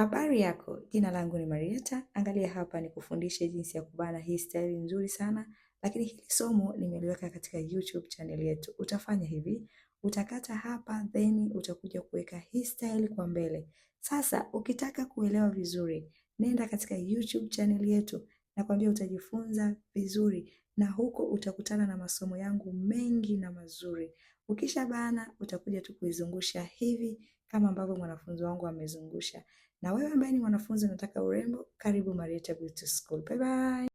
Habari yako, jina langu ni marieta Angalia hapa ni kufundishe jinsi ya kubana hii staili nzuri sana, lakini hili somo nimeliweka katika YouTube channel yetu. Utafanya hivi, utakata hapa then utakuja kuweka hii staili kwa mbele. Sasa ukitaka kuelewa vizuri, nenda katika YouTube channel yetu na utajifunza vizuri, na huko utakutana na masomo yangu mengi na mazuri. Ukisha bana utakuja tu kuizungusha hivi kama ambavyo mwanafunzi wangu amezungusha. Na wewe ambaye ni mwanafunzi unataka urembo, karibu Marietha Beauty School. Bye bye.